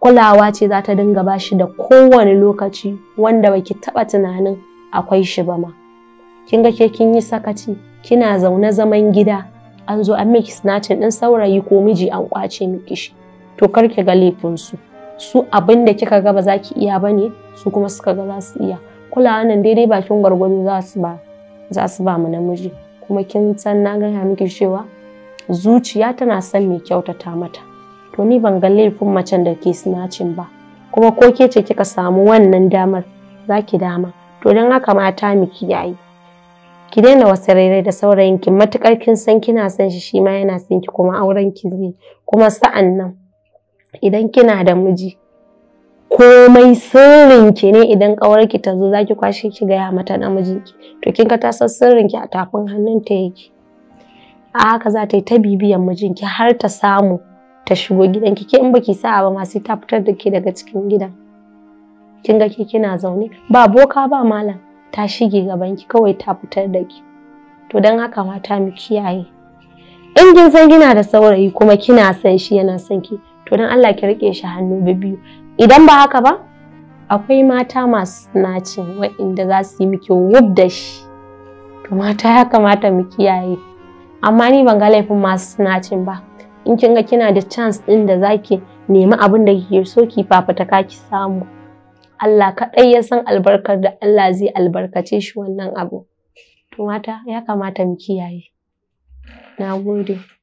kulawa ce za ta dinga ba shi da kowane lokaci wanda baki taba tunanin akwai shi ba ma kin ga ke kin yi sakaci kina zaune zaman gida an zo an miki snatchin din saurayi ko miji an kwace miki shi to kar ki ga laifinsu? su su abin da kika ga ba za ki iya bane su kuma suka ga za su iya kulawa nan daidai bakin gwargwado za su ba za su ba mu namiji kuma kin san na gaya miki cewa zuciya tana son mai kyautata mata to ni ban ga laifin macen da ke sinacin ba kuma ko ke ce kika samu wannan damar za ki dama to don haka mata mu yayi ki daina wasu rairai da saurayin ki matukar kin san kina san shi shi yana son ki kuma auren ki zai kuma sa'an nan idan kina da miji komai sirrin ki ne idan kawar ki ta zo za ki kwashe ki gaya mata ki to kin ka ta san sirrin ki a tafin hannunta yake a haka za ta yi ta bibiyan mijinki har ta samu ta shigo gidan ki in baki sa'a ba ma sai ta fitar da ke daga cikin gidan kin ga ke kina zaune ba boka ba malam ta shige gaban ki kawai ta fitar da ki to don haka mata mu kiyaye in kin san kina da saurayi kuma kina san shi yana son ki to don Allah ki rike shi hannu biyu idan ba haka ba akwai mata masu nacin wa'inda za su yi miki wub da shi to mata ya kamata mu kiyaye amma ni ban ga laifin masu nacin ba in kin ga kina da chance ɗin da zaki nemi abin da kike so ki fafata ka ki samu Allah kaɗai ya san albarkar da Allah zai albarkace shi wannan abu to mata ya kamata mu kiyaye na gode